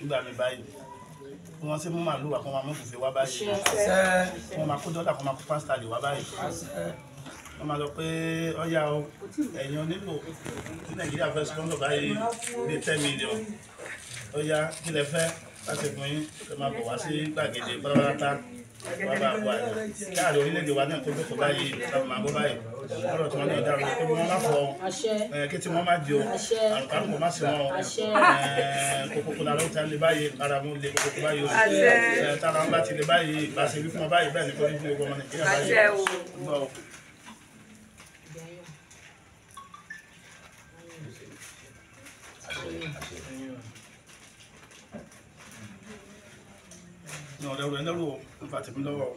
nígbà mi báyìí kí wọ́n ṣe mú màlúù wá kó máa mú fùfé wá báyìí kí wọ́n máa kó dọ́là kó máa kó pásítà lè wá báyìí wọ́n máa sọ pé ọ̀yà o ẹ̀yin onílò ní nàìjíríà fẹ́ sọ́ńdọ̀ báyìí bíi ten million ọ̀yà kí lẹ fẹ́ láti fún yín ẹ máa bọ̀ wá sí gbàgede bárabárátá káàdì orílẹ̀-èdè wa náà tó gbé kọ́ba yìí káàmù àbọ̀ báyìí ọ̀rọ̀ tí wọ́n náà dára pé wọ́n má fọ kí tí wọ́n má di o àrùkárù kò má sí wọn kòkòkò làrá ó ta lè báyìí ara mú lè kòkòkò báyìí o tára Thank you. 那路那路，发正不路。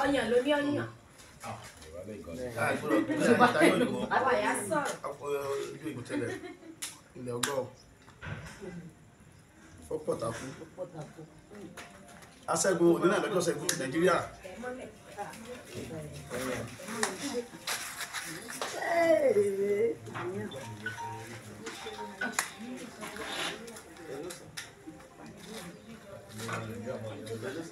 ọyàn ló ní ọyàn. àbàyà sọ̀rọ̀. ojú ìbò tẹ́lẹ̀ ilẹ̀ ọgọ́ ó pọ̀ tàkú aṣẹ́gun òní náà lọ́jọ́ ṣẹ́gun nàìjíríà. Thank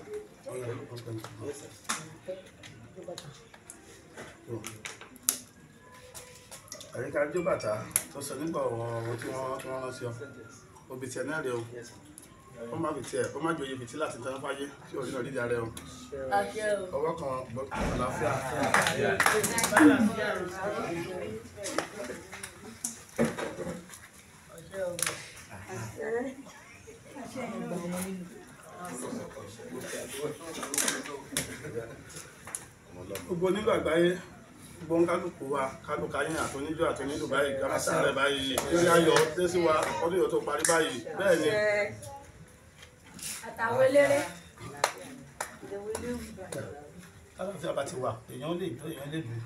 you àríkà jó bàtà tó sọ nígbà ọ̀rọ̀ tí wọ́n tí wọ́n rán sí ọ obì tiẹ̀ náà rẹ o ó má bì tiẹ̀ ó má jòyè bìtí láti tán fáyé tí òun náà dídá rẹ o ọwọ́ kan gbọ́dọ̀ àlàáfíà. Thank you gbogbo nílò àgbáyé gbọ́n kálukú wa kálukú ayé àtúnílò àtúnílò báyìí gámásì rẹ̀ báyìí lórí ayọ̀ tẹ́sí wa ọdún yóò tó parí báyìí bẹ́ẹ̀ ni. àtàwọn eléré kálàfíà bá ti wà èèyàn lè dún èèyàn lè dùn.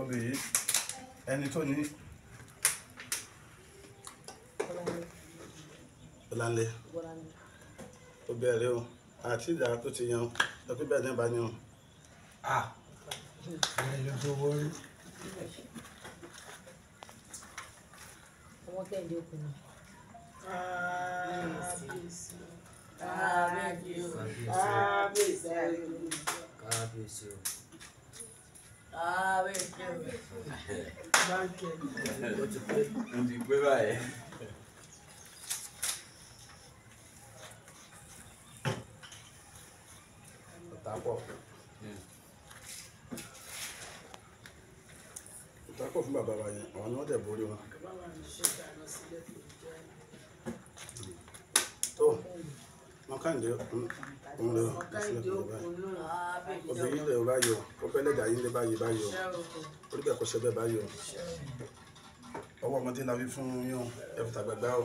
obì yìí ẹni tó ní Bọ́láńlé ó bẹ̀rẹ̀ o àti ìdá tó ti yan lọ́pẹ́ bẹ́ẹ̀ náà bá ní o. ọmọ kẹ́hìndé òkú ni. kábíyèsí kábíyèsí kábíyèsí kábíyèsí. báńkì ẹ̀ ló ti pé báyìí. tàpọ̀ tàpọ̀ fún bàbá wa yẹn àwọn ni wọ́n dẹ̀ borí wọn. tó wọn kàn dé òun lè ah, obìnrin lè báyìí o ó bẹ́lẹ̀ dà yín lé báyìí báyìí o orí bẹ́ẹ̀ kó ṣe bẹ́ẹ̀ báyìí o ọwọ́ ọmọdé la fi fún yín ẹ̀fọ́ tàgbàgbà o.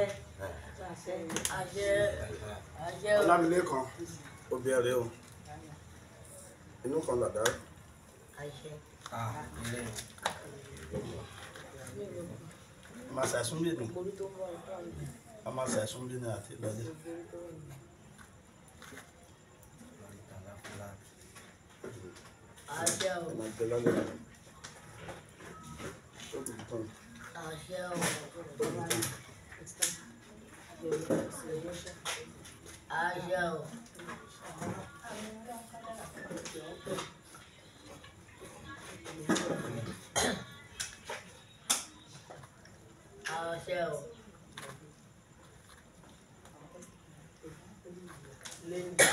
ọlámilékan obìnrin o inú kan dàda. màá ṣàìsúnbí nù màá ṣàìsúnbí nù àti ìlọlẹ. Àṣẹ o. Àṣẹ o. Ajão. Ajão. Linda.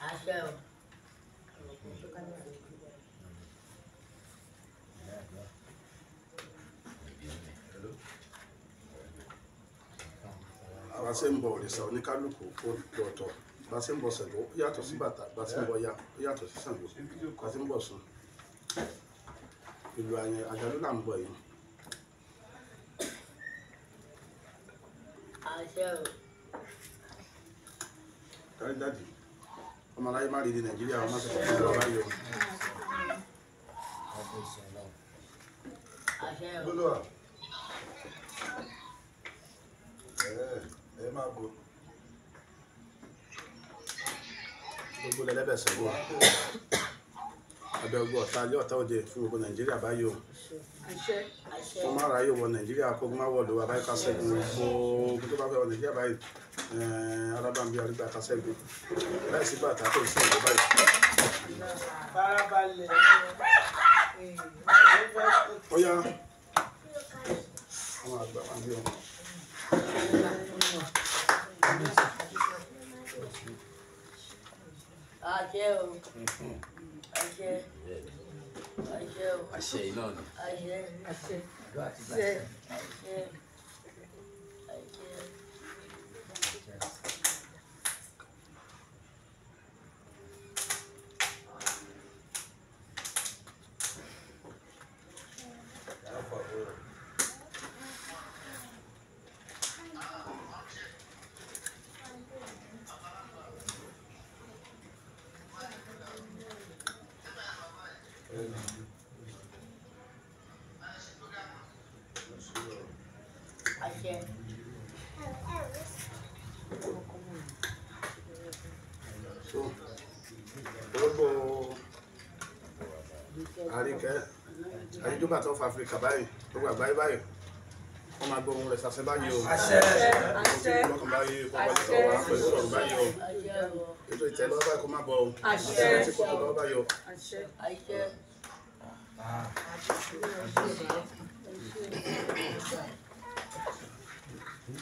Ajão. bá ṣe ń bọ òrìṣà oníkálukú kó dọ̀tọ̀ bá ṣe ń bọ Ṣàngó ó yàtọ̀ sí bàtà bá ṣe ń bọ ya ó yàtọ̀ sí Ṣàngó bá ṣe ń bọ Ọ̀ṣun ìlú àyẹn àjálù là ń bọ yìí. dárídádì ọmọ aláyé má rí ní Nàìjíríà ọmọ sọ̀rọ̀ ní ìlú ọláyé o. lọ́lọ́wà. máa gò gbogbo lẹ́lẹ́bẹ̀ sọ̀rọ̀ abẹ́ ọgbọ́ ọ̀tá ilé ọ̀tá òde fún gbogbo nàìjíríà báyìí o wọ́n máa ráyè wọ nàìjíríà kó má wọ̀ lówó abáyé kásẹ̀gùn gbogbo tó bá fẹ́ wọ nàìjíríà báyìí eh, arábàmbí arígbà kásẹ̀gùn láìsí bàtà tó ń sọ̀rọ̀ báyìí. ó yá àwọn àgbà wá bí ọ. Axé o. Uhum. Axé. Axé o. Axé, não. achei, achei, achei Axé. Áfíríkà àdéjọba tó fa Áfíríkà báyìí gbogbo àgbáyé báyìí wọ́n máa gbọ́ ohun rẹ̀ sàṣẹ báyìí o lọ́kàn báyìí kó wọlé sọ wá pẹ̀lú ọ̀rọ̀ báyìí o ètò ìtẹ́ lọ́wọ́ báyìí kó má bọ̀ o àti kòtò lọ́wọ́ báyìí o.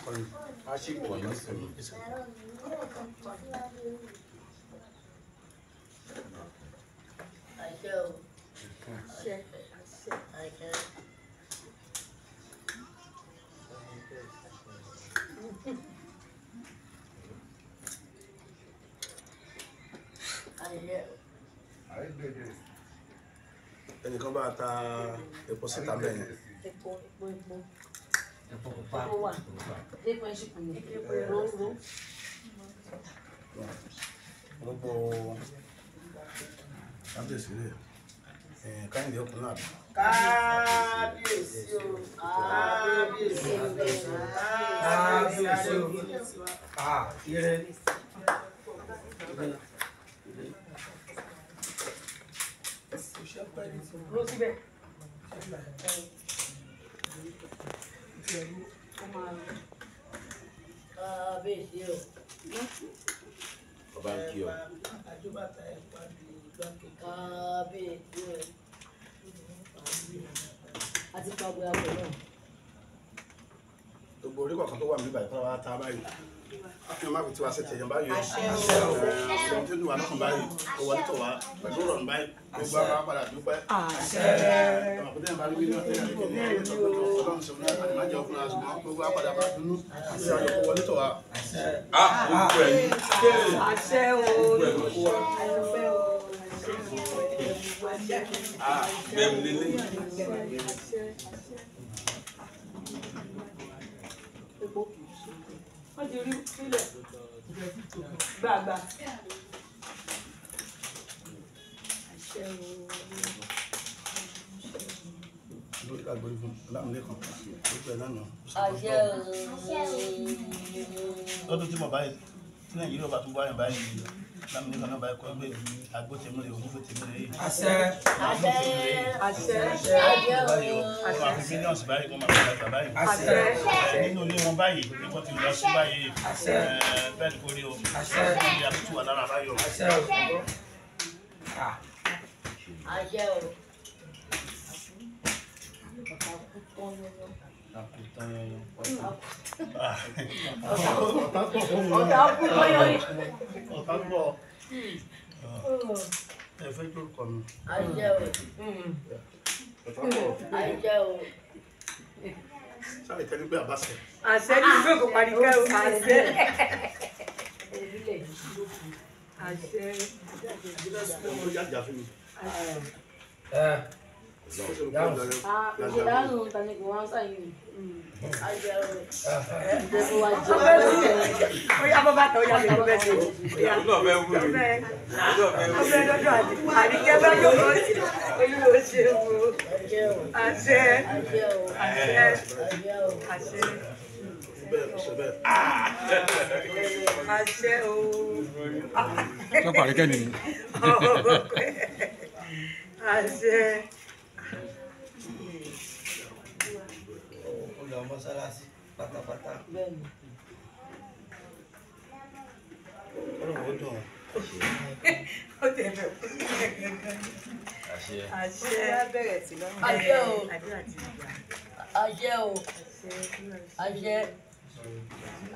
Thank you. Axé. Axé. Axé. ẹnìkan bá ta epo síta bẹ́ẹ̀ yẹn. epo depois epo depois pupa depois wa depois ẹṣin depois ìrọ̀rùn. depois kábíyèsí rẹ̀. káyìndé ọkùnrin àbí. kábíyèsí o kábíyèsí o ah, gbàgbé kábíyèsí o àti pàgbé gbogbo orí kọ̀ọ̀kan tó wà níbà yìí fọlọ́wọ́ ta báyìí akéwà má fi tiwa ṣe tẹ̀yàn báyìí àṣẹ o ọ̀rọ̀ tó lù wá lọ́kàn báyìí o wọlé tọ̀ pẹ̀lú ọ̀rọ̀ báyìí gbogbo àwọn apàdà dúpẹ́. àṣẹ ọ̀pọ̀tẹ́ yẹn bá rí bílíọ̀nù àti májẹ̀ bẹ́ẹ̀ ni lé. wọ́n ti rí sílẹ̀ gbàgbà. lórí agbórí fún aláàmúlẹ́kàn tó pẹ́ lánàá. lọ́dún tí mo bá yẹ tí nàìjíríà bá tún bá yẹn báyìí lámìlẹ́ kan náà báyìí kọ́ gbé àgbo tèmi rè onígbò tèmi rè yìí. àṣẹ àṣẹ àṣẹ àṣẹ báyìí o wọn máa fi millions báyìí wọn máa fi àgbà báyìí. àṣẹ nínú ilé wọn báyìí ipò ti lọ sí báyìí bẹ́ẹ̀ni kò rí o àṣẹ ìyá tó wà lára báyìí o. àṣẹ o. àṣẹ o. Nakutan yun yung pata. Otaku ko yun. Otaku. Efe tu kọnu. Ajaw. Otaku. Ajaw. Sáà ìtẹ́ni pé àbá sẹ̀. Àṣẹ ní ìlú Èkó parí ká o. Àṣẹ. Àṣẹ. Àṣẹ. Àṣẹ. Ìjìlánù ta ni kò wá ń sàyìn. Oya bọ́ bàtà oya mi kò bẹ́ẹ̀ tó. Ọ̀nà bẹ́ẹ̀ wú mi. Ọ̀bẹ lọ́jọ́ àdìgẹ́ bá yọ lọ sí olúwo ṣe wo. Àṣẹ. Àṣẹ. Àṣẹ. Àṣẹ o. Sọ́kọ̀ àríkẹ́ nìyí. Àṣẹ. Salasi, bodoh. mọ́sálásí pátápátá. ọlọ́run ó dùn ó tẹ̀ bẹ̀ fún mi gẹ́gẹ́ àṣẹ àṣẹ bẹ̀rẹ̀ sí lọ́rùn àṣẹ o àṣẹ o àṣẹ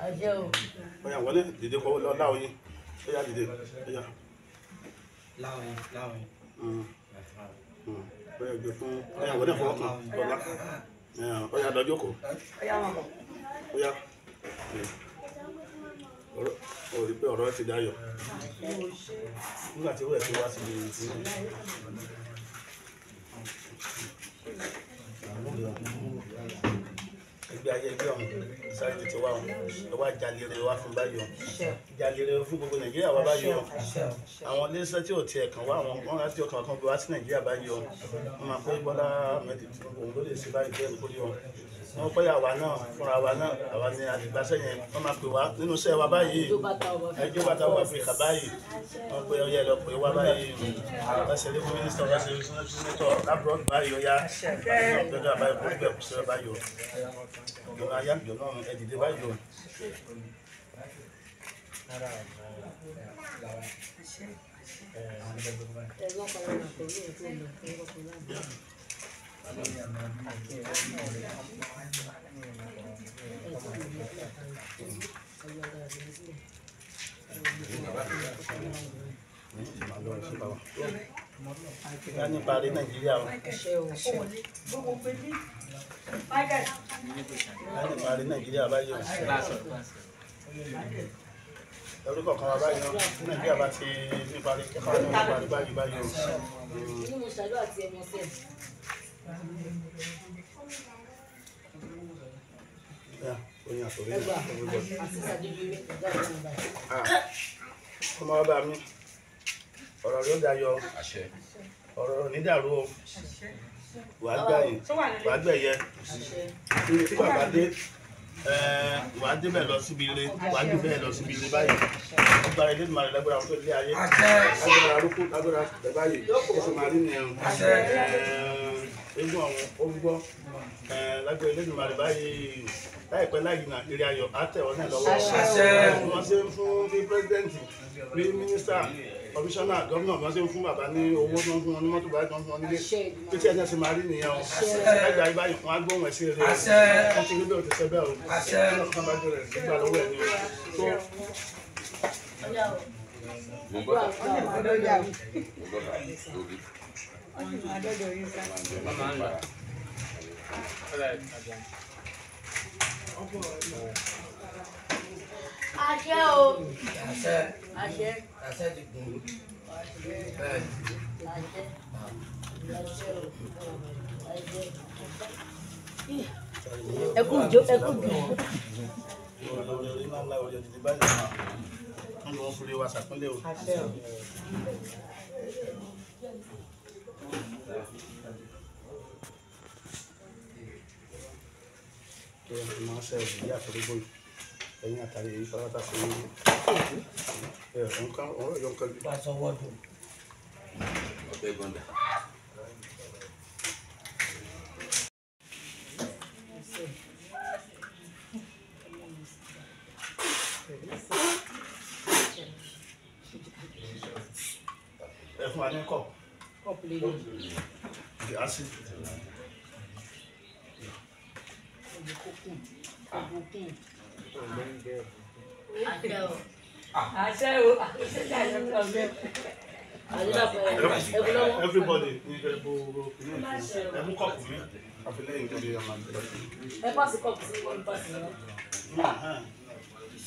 àṣẹ o. ọ̀yà wọlé dìde kọ́ láwọn yín ọ̀yà dìde ọ̀yà. láwọn yín láwọn yín. ọ̀yà gbẹ fún ọ̀yà wọlé fún ọkàn ọ̀la ọyá dọjọ kọ ọyá mọ ọyá o rí pé ọ̀rọ̀ ti dayọ̀ nígbà tí wúrẹ̀ ti wá sí ibi tí wọ́n ẹgbẹ́ ayé ẹgbẹ́ sáré tètè wá ọ̀hún ẹ wá jalè wá fún báyọ̀ jalè rẹ fún gbogbo nàìjíríà wá báyọ̀ àwọn iléeṣẹ́ tí ò tiẹ̀ kàn wá àwọn wọn láti ọkàn kan bí wá sí nàìjíríà báyọ̀ wọn máa pé bọ́lá mẹ́tẹ̀ẹ̀tì òun ló lè ṣe báyìí bẹ́ẹ̀ ní kó lè wọn pẹ́ àwa náà fúnra wa náà àwa ni àdìgbàsẹ́ yẹn wọ́n máa pè wá nínú iṣẹ́ wa báyìí ẹjọ́ bàtà wà fún ìkà báyìí wọ́n pé ọyẹ lọ pé wá báyìí ọ̀sẹ̀ lẹ́kọ̀ọ́ mínísítà ọ̀sẹ̀ sẹ́nẹ́tọ̀ lábúrọ́dù báyìí ọ̀yá ọ̀gbẹ́dọ̀ àbáyọ̀ kó gbẹ̀ kó sẹ́rẹ̀ báyìí ọ̀gbẹ́dọ̀ ayáǹdọ̀ náà ẹ̀dìdẹ́ báyìí ọ̀ Thank ìyá nípa rí nàìjíríà o ìyá nípa rí nàìjíríà báyìí o ẹrú kọ̀ọ̀kan wa báyìí o nàìjíríà bá ti nípa rí kẹfà nípa rí báyìí báyìí o. Ah, ọmọ ọba mi ọ̀rọ̀ ló dayọ ọ̀rọ̀ nídàrú o wàá gbà yìí wàá gbẹ̀yẹ tí bàbá dé wàá débẹ̀ lọ síbi ilé wàá débẹ̀ lọ síbi ilé báyìí ọgbà ilé ìmọ̀ rẹ̀ lágbára tó lé ayé lágbára arúgbó lágbára bẹ̀ báyìí ó sì eégún ọ̀run ó gbọ́ lágbẹ́ ilé ìgbìmọ̀ àrẹ̀ báyìí láìpẹ́ láì jìnnà eré ayọ̀ àtẹ̀wọ́ náà lọ́wọ́ eh, wọ́n ṣe ń fún bí pírẹ́sidẹ́ǹtì bí mínísítà kọmíṣánná gómìnà wọ́n ṣe ń fún bàbá ní owó tó ń fún wọn ní mọ́tò báyìí tó ń fún wọn nílé títí ẹ̀jẹ̀ sì máa rí nìyẹn o ẹgbẹ́ ayé báyìí fún agbóhùn ẹ̀sìn rẹ̀ wọ́n ti rí bẹ́ẹ̀ òtẹ́sẹ́ bẹ́ẹ̀ o ọlọ́kan bá jẹ́ rẹ̀ nígbà lọ́wọ́ ẹ̀ ni o mo gbọ́dọ̀ mo gbọ́dọ̀ lórí wọ́n sì máa dọ́dọ̀ yín sá. àṣẹ o. àṣẹ. àṣẹ. àṣẹ ti gùn ún. bẹ́ẹ̀ ni. àṣẹ. àṣẹ o. àṣẹ. ẹ kú jó ẹ kú jó. Wọ́n lọ fúre wa ṣàpínlẹ̀ o kí ẹ fi máa ṣe ìdílé àtọ́gbó yìí ẹ̀yìn àtàrí èyí pátápátá sí i ẹ̀ nǹkan ọ̀rọ̀ yọ nǹkan bí. pàṣẹ properly. The acid. Everybody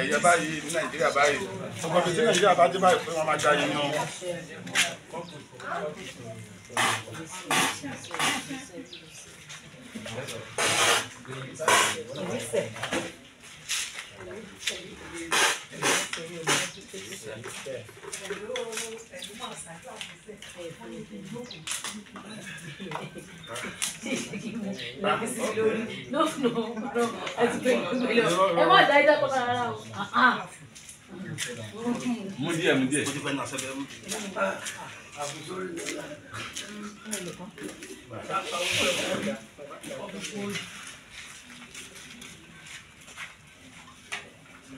ẹ̀yẹ báyìí ní nàìjíríà báyìí gbogbo ibi tí nàìjíríà bá dé báyìí pé wọ́n máa jáde ní wọn. Thank you no no no ẹ ti pè é ẹ má da ẹja o. mú díẹ̀ mú díẹ̀. mo ti fẹ́ na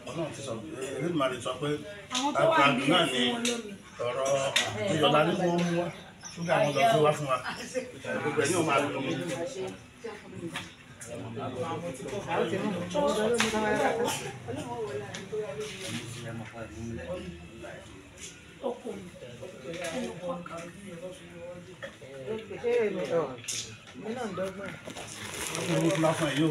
ọlọ́run ti sọ ẹlẹ́dùnmarè sọ pé àgbàdo náà ni ọ̀rọ̀ ìjọba ní wọ́n mú wá ṣúgà wọn lọ sí wá fún wa gbogbo ẹ̀ ní òun máa lò mí. Ọkùnrin. Ẹ ẹ̀ mi náà ń dọ́gbọ̀n. Ọkùnrin ló fi lásán yìí o.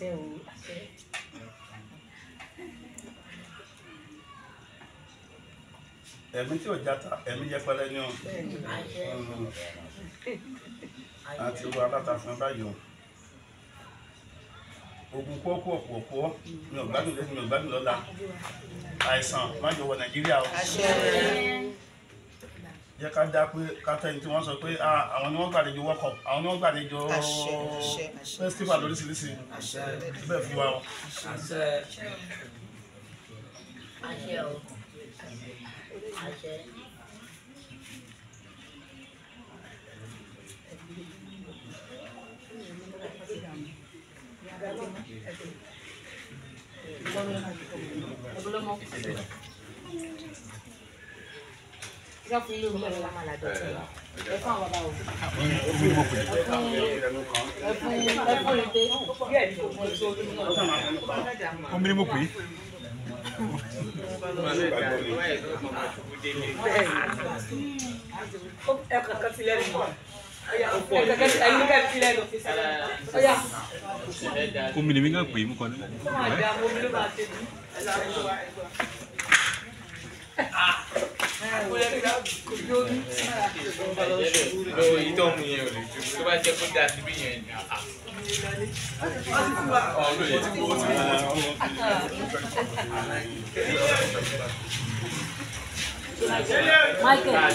àṣẹ o àṣẹ. tí ò jata ẹ̀mí yẹpẹrẹ ni o àti wo alátasan báyìí o ogun kókó ọ̀pọ̀pọ̀ mi ò gbádùn lẹ́nu mi ò gbádùn lọ́la àìsàn má jọ wọ Nàìjíríà o yẹ ká dá pé ká tí wọ́n sọ pé ah, àwọn ni wọ́n gbàlejò wọ́kọ̀ àwọn ni wọ́n gbàlejò festival lóríṣiríṣi bẹ́ẹ̀ fún wa o. Thank ìjọba ilé omi ẹ̀rọ máa làjọ sí ẹ fún àwọn bàbá ni lo èyí tó mu yẹn ò lè ju tó bá jẹ kó dáa ni àá. ọ̀rọ̀ yẹn Michael,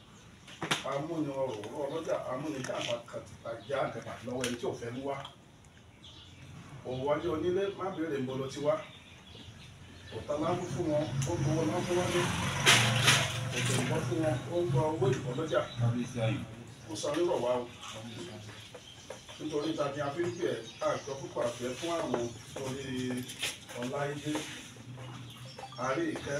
amúnirọrùn ọlọ́jà amúnijàǹfààjà àǹtẹ̀pà lọ́wọ́ ẹni tí ò fẹ́ mú wá òwò onílé má ń bolo tiwa fún wọn ó òtò fún wọn ó gba owó lọ́jà kó wá o nítorí tàbí afẹ́fẹ́ àjọ púpọ̀ àfẹ́ fún àwọn torí ọláyé àárẹ̀ ìkẹ́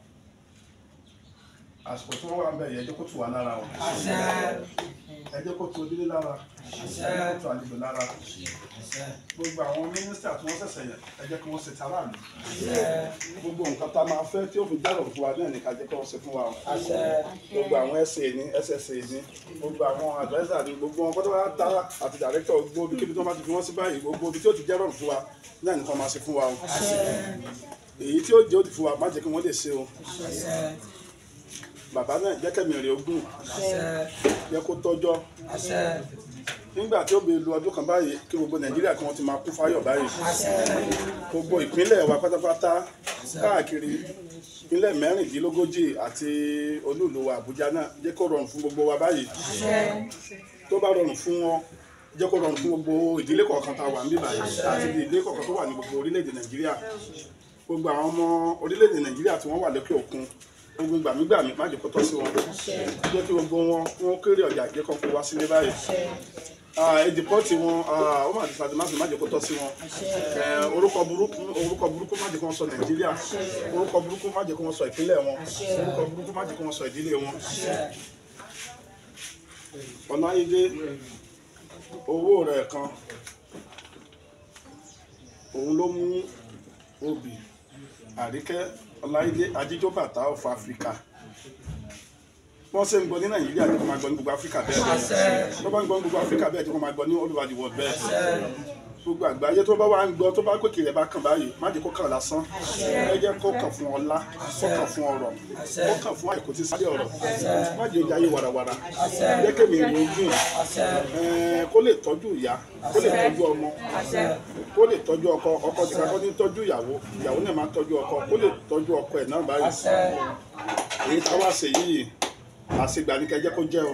àsìkò tí wọ́n wà ń bẹ̀ yẹn ẹ jẹ́ kó tù wá lára o ẹ jẹ́ kó tù onílé lára ẹ jẹ́ kó tù àlejò lára gbogbo àwọn mínísítà tí wọ́n ṣẹ̀ṣẹ̀ yẹn ẹ kí wọ́n ṣe tara mi gbogbo nǹkan tá a máa fẹ́ tí ó fi dárò fún wa náà ní ká jẹ́ kí ṣe fún wa o gbogbo àwọn ẹsẹ̀ ní ẹsẹ̀sẹ̀ ní gbogbo àwọn àdírẹ́sà ní gbogbo wọn kọ́tọ́ tara àti dàrẹ́tọ̀ gbogbo ibi kíbi tó máa ti fi wọ́n sí báyìí gbogbo ibi tí ó ti jẹ́rọ̀ fún wa náà nìkan máa ṣe fún wa o èyí tí ó jẹ́ òdì fún wa má jẹ́ kí wọ́n lè ṣe o bàbá náà jẹ́ kẹ́mi rẹ̀ ogún yẹ kó tọ́jọ́ nígbà tí ó bẹ lu ọdún kan báyìí kí gbogbo nàìjíríà kí wọ́n ti máa kú fáyọ̀ báyìí gbogbo ìpínlẹ̀ wa pátápátá káàkiri ìpínlẹ̀ mẹ́rìndínlógójì àti olúùlú wa àbújá náà jẹ́ kó rọrùn fún gbogbo wa báyìí tó bá rọrùn fún wọn jẹ́ kó rọrùn fún gbogbo ìdílé kọ̀ọ̀kan tá a wà níbí báyìí àti ìdílé kọ̀ọ̀kan tó wà ní gbogbo orílẹ̀ nàìjíríà gbogbo àwọn ọmọ orílẹ̀ nàìjíríà tí wọ́n wà lókè òkun gbogbo gbàmígbàmí má jẹ́ kó tọ́ sí wọn jẹ́ kí gbogbo wọn wọn kéré ọjà jẹ́ kó kó wá sílé báyìí ìdìpọ́tì wọn ó má dìsa dìmásì má jẹ́ kó tọ́ sí wọn orúkọ burúkú orúkọ burúkú má jẹ́ kó wọn sọ nàìjíríà orúkọ burúkú má jẹ́ kó wọn sọ ìpínlẹ̀ wọn orúkọ burúkú má jẹ́ kó wọn sọ ìdílé wọn. ọláyédè owó rẹ̀ kan òun ló mú obì àríkẹ́ ọláyídé ajíjó bàtà of Africa wọ́n ṣe ń gbọ́ ní nàìjíríà tí wọ́n máa gbọ́ ní gbogbo áfíríkà bẹ́ẹ̀ tó bá ń gbọ́ ní gbogbo áfíríkà bẹ́ẹ̀ tí wọ́n máa gbọ́ ní all over the gbogbo àgbáyé tó bá wà ń gbọ́ tó bá gòkè rẹ̀ bá kàn báyìí má jẹ́ kó kàn lásán ẹ jẹ́ kó kàn fún ọlá kó kàn fún ọrọ̀ kó kàn fún àìkú tí sáré ọrọ̀ má jẹ́ ojú ayé warawara jẹ́ kémi ìròyìn kó lè tọ́jú ìyá kó lè tọ́jú ọmọ kó lè tọ́jú ọkọ ọkọ tí kakọ́ ní tọ́jú ìyàwó ìyàwó náà máa tọ́jú ọkọ kó lè tọ́jú ọkọ ẹ̀ náà báyìí èyí táwa ṣe yìí àṣegbà ní kẹjẹ kó jẹ́ o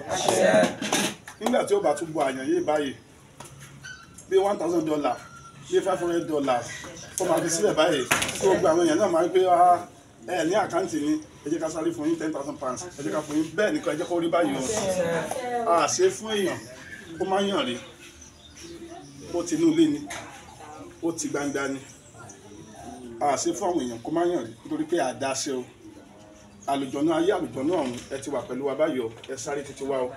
nígbà tí ó bá tún bu àyàn yìí báyìí bíi one thousand dollars bíi five hundred dollars kó máa fi sílẹ̀ báyìí kó gba àwọn èèyàn náà máa ń pé ah, ẹ ní àkáǹtì ni ẹ jẹ́ ká sáré fún yín ten thousand pounds ẹ jẹ́ ká fún yín bẹ́ẹ̀ nìkan ẹ jẹ́ kó rí báyìí o à ṣe fún èèyàn kó má yàn rí ó ti inú ilé ni ó ti gbangba ni à ṣe fún àwọn èèyàn kó má yàn rí nítorí pé àdá ṣe o àlùjọ̀nú ayé àlùjọ̀nú ọ̀run ẹ ti wà pẹ̀lú wa báyìí o ẹ sáré títí wa o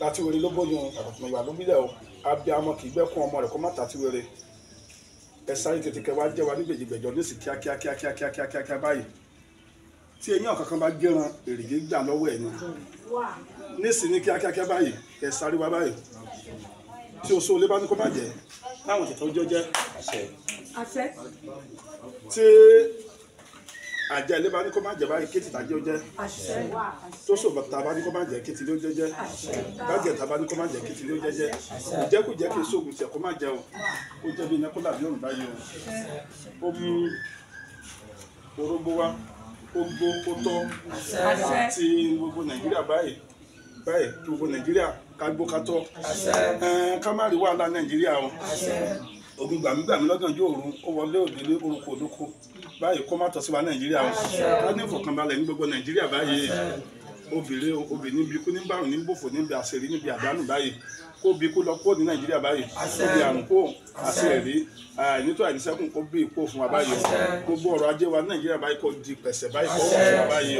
láti orí ló bóyún àtàkùn ìwà ló bílẹ̀ o abiamọ kì í gbẹ́kún ọmọ rẹ̀ kó má tàtí wẹrẹ ẹ sáré tètè kẹ wá jẹ́ wa ní gbèjìgbèjọ nísì kíákíá kíákíá kíákíá kíákíá báyìí tí eyín ọ̀kankan bá gẹ́ran èrìgì gbà lọ́wọ́ ẹ̀ ni nísì ní kíákíá kíákíá báyìí ẹ sáré wá báyìí tí o so olé bá ní kó má jẹ láwọn tètè ọjọ́ jẹ́ tí àjẹ ilé bá ní kó má jẹ báyìí kéètì tàjẹ́ ó jẹ́ tó sòbọ̀ tá a bá ní kó má jẹ kéètì ló jẹ́jẹ́ bájẹ̀ tá a bá ní kó má jẹ kéètì ló jẹ́jẹ́ ìjẹ́kùjẹ́ kí èso ògùn tiẹ̀ kó má jẹ o kó jẹ́ bí iná kó dàbí òrùn báyìí o ó mú orógbó wá ó gbó ó tọ́ ti gbogbo nàìjíríà báyìí báyìí gbogbo nàìjíríà ká gbó ká tọ́ ká má rí wàhálà nàìjíríà o ògùn gbàmígbàmí lọ́gànjú òru ó wọlé òdèlé orúkọ olóko báyìí kó má tọ́ sí wa nàìjíríà ká ní ìfọ̀kànbalẹ̀ ní gbogbo nàìjíríà báyìí obìnrin obìnrin níbi ikú níbi àrùn níbi òfò níbi àṣírí níbi àdánù báyìí kó bí ikú lọ kó ní nàìjíríà báyìí kó bí àrùn kó àṣírí nítorí àìníṣẹ́kùn kó bí ikú fún wa báyìí gbogbo ọ̀rọ̀ ajé wa nàìjíríà báyìí kó di pẹ̀sẹ̀ báyìí kó wọ̀ fún wa báyìí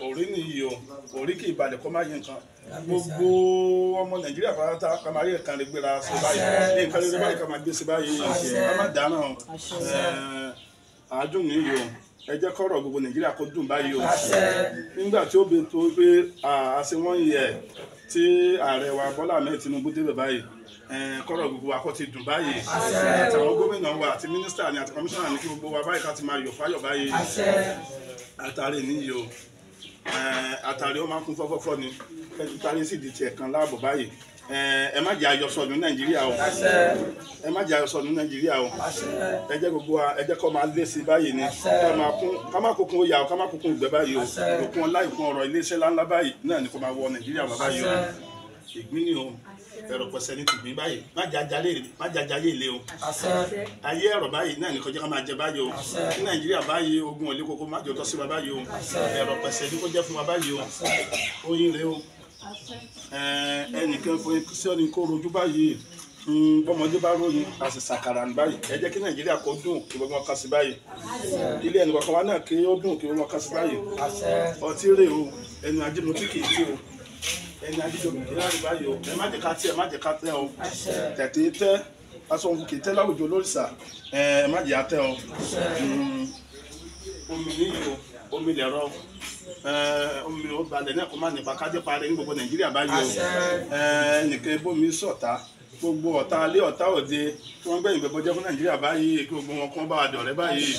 o orí nìyí o orí kì í balẹ̀ kó má yẹ nǹkan gbogbo ọmọ nàìjíríà pátá ká máa rí ẹ̀kan lè gbéra sí báyìí ní nǹkan lè gbéra báyìí ká máa gbé sí báyìí ká má dáná o àádùn nìyí o ẹ jẹ́ kọ́rọ̀ gbogbo nàìjíríà kó dùn báyìí o nígbà tí ó bẹ tó pé àṣẹ wọ́n yẹ tí ààrẹ wa bọ́lá ahmed tinubu débẹ̀ báyìí kọ́rọ̀ gbogbo wa kó ti dùn báyìí àtàwọn gómìnà wa àti mínísítà ni àti kọmíṣánná ni kí gbogbo wa báyìí ká ti máa yọ̀ fáyọ̀ báyìí àtàrí nìyí o àtàrí ó máa kún fọ́fọ́fọ́ ni kẹ́kítàrí sì di tiẹ̀ kan láàbọ̀ báyìí ẹ má jẹ́ ayọ̀ sọnù nàìjíríà o ẹ má jẹ́ ayọ̀ sọnù nàìjíríà o ẹ jẹ́ gbogbo wa ẹ jẹ́ kó máa lé sí báyìí ni ká má kókun ó yà o ká má kókun ìgbẹ́ báyìí o òkun ọlá ìkun ọ̀rọ̀ iléeṣẹ́ ńláńlá báyìí náà ni kó máa wọ nàìjíríà wá báyìí o ìgbín ni o ẹ̀rọ pẹ̀sẹ̀ ní tìgbín báyìí má jẹ́ ajá léèlé o ayé ẹ̀rọ báyìí náà ní kọjá ká máa jẹ báyìí o ní nàìjíríà báyìí ogun òlé koko má jẹ́ ọtọ́ sí wa báyìí o ẹ̀rọ pẹ̀sẹ̀ ní kó jẹ́ fún wa báyìí o oyin rèé o ẹnìkan fún sẹ́ni kó rojú báyìí bọ́mọdé bá ròyìn àti sàkàrà báyìí ẹ jẹ́ kí nàìjíríà kó dùn kí gbogbo ọkàn sí báyìí ilé ẹnì kọ̀ọ̀kan wa náà kí ó dùn kí gbogbo ọkàn sí báyìí ọtí rèé o ẹnu ajé tí kì í tí o ẹni adídọ̀mọ̀dé láti báyìí o ẹ má jẹ́ ká tẹ́ ẹ má jẹ́ ká tẹ́ o tẹ̀tẹ̀ tẹ́ aṣọ òun kì í tẹ́ láwùjọ lóríṣà ẹ má jẹ́ àtẹ́ o hmm, omi níyì o omi lè rọ eh, omi ó balẹ̀ náà kó má nípa kájẹ́ parí ní gbogbo nàìjíríà báyìí o eh, nìkan bómi sọ̀tá gbogbo ọ̀tá alé ọ̀tá òde tí wọ́n gbẹ̀yìn bẹ̀bọ̀ jẹ́ fún nàìjíríà báyìí kí gbogbo wọn kún bá wa dọ̀rẹ́ báyìí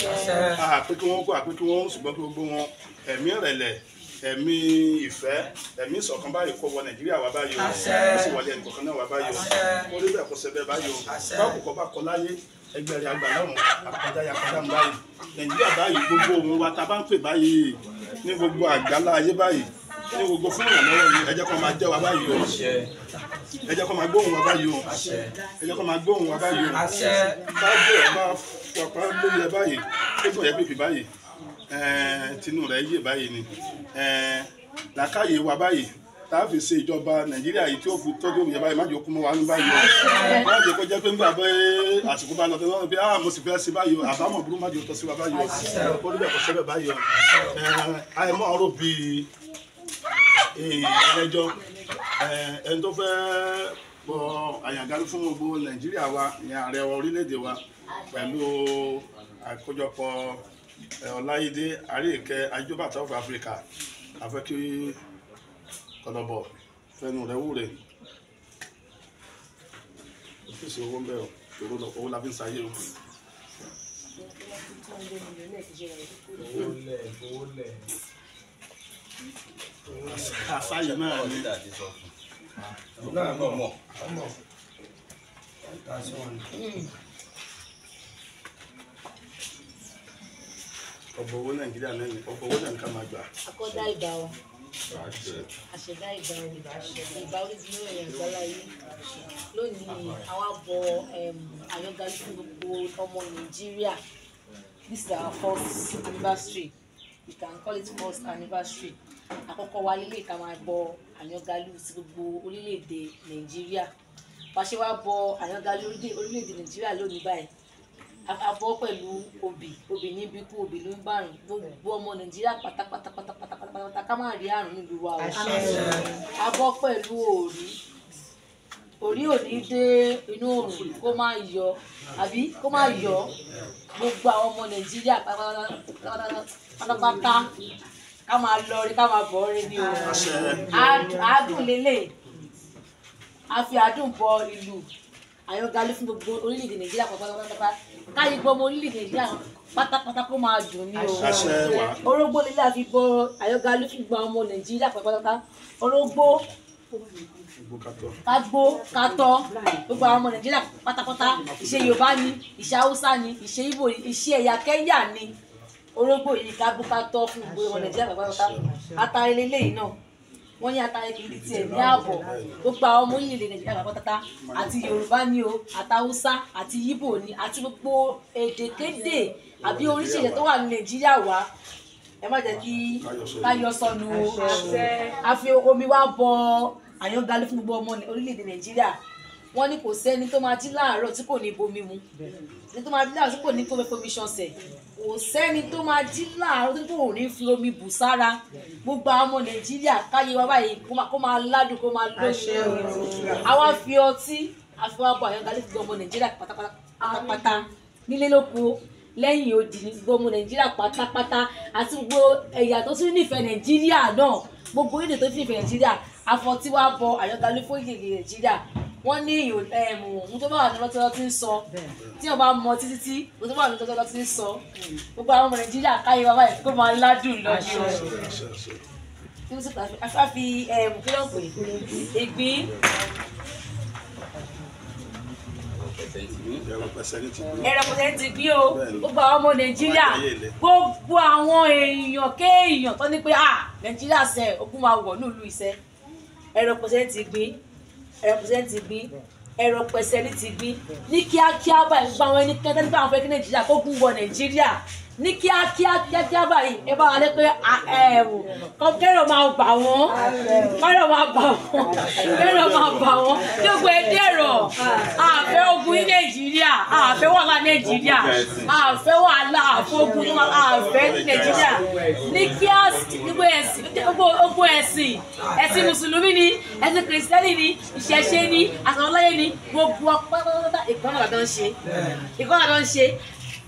àpé kí wọ́n kó àpé kí wọ́n ṣùgbọ́n kí gbogbo wọn ẹ̀mí ìrẹ̀lẹ̀ ẹ̀mí ìfẹ́ ẹ̀mí ìṣọ̀kan báyìí kó wọ nàìjíríà wá báyìí o ó sì wọlé ẹnìkọ̀ọ̀kan náà wá báyìí o ó rí bẹ́ẹ̀ kó ṣe bẹ́ẹ̀ báyìí o báwo kò bá kọ láyé ẹgbẹ́ rẹ̀ àgbà lọ́rùn àkàndá yàkàndá ń báyìí nàìjíríà báyìí gbogbo ohun wa ta bá ń pè báyìí ní gbogbo àgbálá ayé báyìí ní gbogbo fún ìrànlọ́wọ́ yìí ẹ jẹ́ máa jẹ́ wa báyìí o ẹ jẹ́ máa gbóhùn wa báyìí o ẹ jẹ́ máa gbóhùn wa báyìí o káàdì ẹ̀ máa fọpá lórí ẹ báyìí tó gbọ̀ yẹ pèpè báyìí tinú rẹ̀ yé báyìí ni làákàyè wa báyìí tààfin ṣe ìjọba nàìjíríà yìí tí ó fi tọ́jú òun yẹba ìmájò kún mọ́ wa ní báyìí o wọ́n jẹ́ kó jẹ́ pé nígbà bẹ́ẹ̀ àsìkò bá lọ tó lọ́wọ́ pé ah mo sì fẹ́ ṣe báyìí o àbámọ̀ burú májò tó sí wa báyìí o ó ní bẹ́ẹ̀ kó ṣẹ́bẹ̀ báyìí o àìmọ́ ọ̀rọ̀ bíi eh, ẹlẹ́jọ́ eh, ẹni tó fẹ́ bọ àyàngalú fún gbogbo nàìjíríà wa ní ààrẹ orílẹ̀-èdè wa pẹ̀lú àkójọpọ̀ eh, ọláyídé àríkẹ́ àjọbàtà of Africa afẹ́kí padà bọ̀ fẹnu rẹ wúre òfìsì owó ń bẹ ọ ìṣòro lọ owó la fi ń sáyé o. àṣàyè náà ni náà mọ̀ mọ̀ ọ̀bọ̀ owó nàìjíríà náà ni ọ̀bọ̀ owó nàìjíríà máa gbà. àkọ́dá ìgbà wa àṣẹdá ìgbà òní ìgbà oríṣiríṣi èèyàn ìgbàlá yìí lónìí àwa bọ àyọkálí fún gbogbo ọmọ Nàìjíríà this is our first anniversary we can call it first anniversary àkọ́kọ́ wa lílé ìta máa bọ àyọkálí sí gbogbo orílẹ̀-èdè Nàìjíríà wàá ṣe wá bọ àyọkálí orílẹ̀-èdè Nàìjíríà lónìí báyìí abọ́ pẹ̀lú obì obì ní bíkú obì ló ń bàrùn gbogbo ọmọ nàìjíríà pátápátá pátápátá pátápátá ká má rí àrùn nílùú wa o abọ́ pẹ̀lú òrí orí ò ní dé inú òrùn kó má yọ àbí kó má yọ gbogbo àwọn ọmọ nàìjíríà pátápátá ká máa lọ rí ká máa bọ̀ rí ní o àádùn lélẹ̀ a fi àádùn bọ ìlú àyọgalé fún gbogbo orílẹ̀-èdè nàìjíríà pátápátá káyí gbọ́ mo lílì nìyí àwọn pátápátá kó máa dùn ní o orógbó lílé àfi bọ àyọkálú fi gba ọmọ nàìjíríà pátápátá orógbó kagbó katọ gbogbo àwọn ọmọ nàìjíríà pátápátá ìṣe yorùbá ni ìṣe haúsá ni ìṣe ibo ìṣe ẹ̀yà kẹ́ńyà ni orógbó yìí kagbó katọ fún gbogbo ọmọ nàìjíríà pátápátá àtàrí lélẹ́yìn náà wọ́n ní ata ìkìlì tiẹ̀ ní ààbọ̀ gbogbo àwọn ọmọ orílẹ̀-èdè nàìjíríà lápapọ̀tátá àti yorùbá ni o àtàwùsá àti Yibo ni àti gbogbo èdèkédè àbí oríṣiríṣi tó wà ní nàìjíríà wá ẹ má jẹ́ kí táyọ̀ sọnù o àfi omi wá bọ àyàngalé fún gbogbo ọmọ orílẹ̀ nàìjíríà wọ́n ní kò sẹ́ni tó máa jí láàárọ̀ tí kò ní bomi mu ẹni tó máa jí láàárọ̀ tí kò ní kó fẹ́ fomi ṣanṣẹ̀ kò sẹ́ni tó máa jí láàárọ̀ tí kò ní fi omi bù sára gbogbo àwọn ọmọ nàìjíríà káyé wa báyìí kó máa ládùn kó máa lóyún àwa fi ọtí àfi wá bọ àyọkálẹ̀ fi gbọmọ nàìjíríà pátápátá nílé lóko lẹ́yìn odi ní gbọmọ nàìjíríà pátápátá àti gbogbo ẹ̀yà tó tún nífẹ̀ẹ́ nàìjíríà náà gbogbo èdè tó nífẹ̀ẹ́ nàìjíríà afọtíwá bọ àyọkálẹ̀ fún èdè nàìjíríà wọ́n ní ohun tó bá wà ní lọ́tọ́lọ́ ń sọ tí wọ́n bá mọ títí tí ohun tó bá wà ní lọ́tọ́lọ́ ń sọ hmm. gbogbo àwọn ọmọ nàìjíríà káyé wa báyìí kó máa ládùn lọ́jọ́ afi kí ló pè ìgbín ẹ̀rọ̀pọ̀tẹ́ ti gbí o gbogbo àwọn ọmọ nàìjíríà gbogbo àwọn èèyàn kéèyàn tó ní pé nàìjíríà sẹ ogun máa wọ̀ nílùú iṣẹ́ ẹ̀rọ̀pọ̀tẹ́ ti gbín represent ti gbin ẹ̀rọ pẹ̀sẹ̀ ní ti gbin ní kíákíá báyìí gbogbo àwọn ẹni kẹtẹ́ nípa àwọn fẹ́ kí nàìjíríà kó gùn wọ nàìjíríà ní kíákíá kíákíá báyìí ẹ bá wa lé pé ẹ̀wò kọ́kẹ́rọ̀ máa bà wọ́n kọ́kẹ́rọ̀ máa bà wọ́n kọ́kẹ́rọ̀ máa bà wọ́n tí o pé dẹ̀rọ̀ àfẹ́ ogun ní nàìjíríà àfẹ́ wàhálà nàìjíríà àfẹ́ wàhálà àfogun àfẹ́ nàìjíríà ní kíá ogun ẹ̀sìn ẹ̀sìn mùsùlùmí ni ẹ̀sìn kìrìsìtẹ́nì ni ìṣẹ̀ṣe ni àtàwọn ọláyé ni gbogbo ọpẹ́ ìkọ́nà àdán ṣe ìkọ́nà àdán ṣe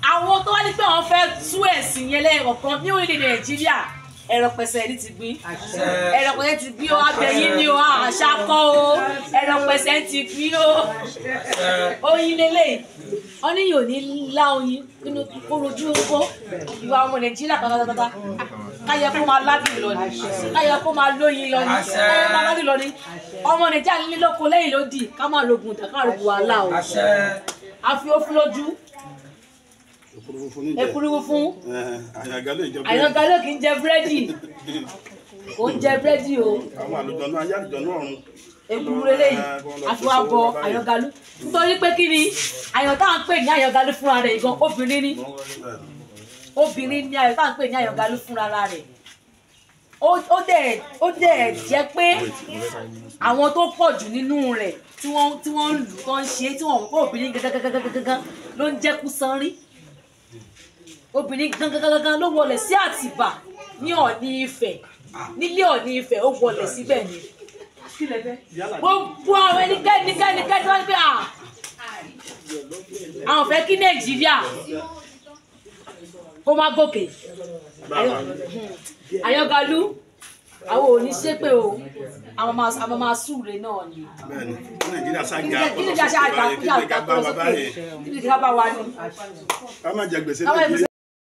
àwọn tó wá ní pé àwọn fẹ́ tú ẹ̀sìn yẹn lẹ́yìn ọ̀kan ní orílẹ̀-èdè nàìjíríà ẹ̀rọ pẹ̀sẹ̀ ní ti gbin ẹ̀rọ pẹ̀sẹ̀ ti gbin o abẹ́yìn ni o àṣà kọ́ o ẹ̀rọ pẹ̀sẹ̀ ti gbin o oyin lélẹ̀ wọ́n ní yóò ní lá oyin nínú kórojú owó ìwà ọmọ nàìjíríà pátápátá káyẹ kó máa ládùn lọ ni káyẹ kó máa lóyin lọ ni káyẹ máa ládùn lọ ni ọmọ nàìjíríà lílọ́kọ lẹ́yìn ló dì ká máa lo ògùn tàkàrọ̀ wàhálà o àfi ó fún lójú èkuru funfun ní kì í jẹ búrẹ́dì kò ń jẹ búrẹ́dì o. àwọn eléyìí àfiwábọ àyàngalú nítorí pé kí ni àyàn ń pè ní àyàngalú fúnra rẹ̀ gan obìnrin ni obìnrin ni àyàn ń pè ní àyàngalú fúnra rẹ̀ ó dẹ̀ ó dẹ̀ jẹ́ pé àwọn tó pọ̀ jù nínú rẹ̀ tí wọ́n ń lù tó ń ṣe tí wọ́n ń kó obìnrin gangan ló ń jẹ́ kú sanrí obìnrin gangan ló wọlé sí àtìbà ní ọ̀ní ifẹ̀ nílé ọ̀ní ifẹ̀ ó wọlé síbẹ̀ ni gbogbo àwọn ẹnikẹ́ni kẹ́nikẹ́ni wọ́n ti pé ah, àwọn fẹ́ kí nàìjíríà kó má gòkè àyọgalú àwọn ò ní o àwọn máa máa súre náà ni. kí nàìjíríà ṣàjà kí nàìjíríà ṣàjà kí nàìjíríà bá wa ní. ká má jẹ gbèsè nàìjíríà.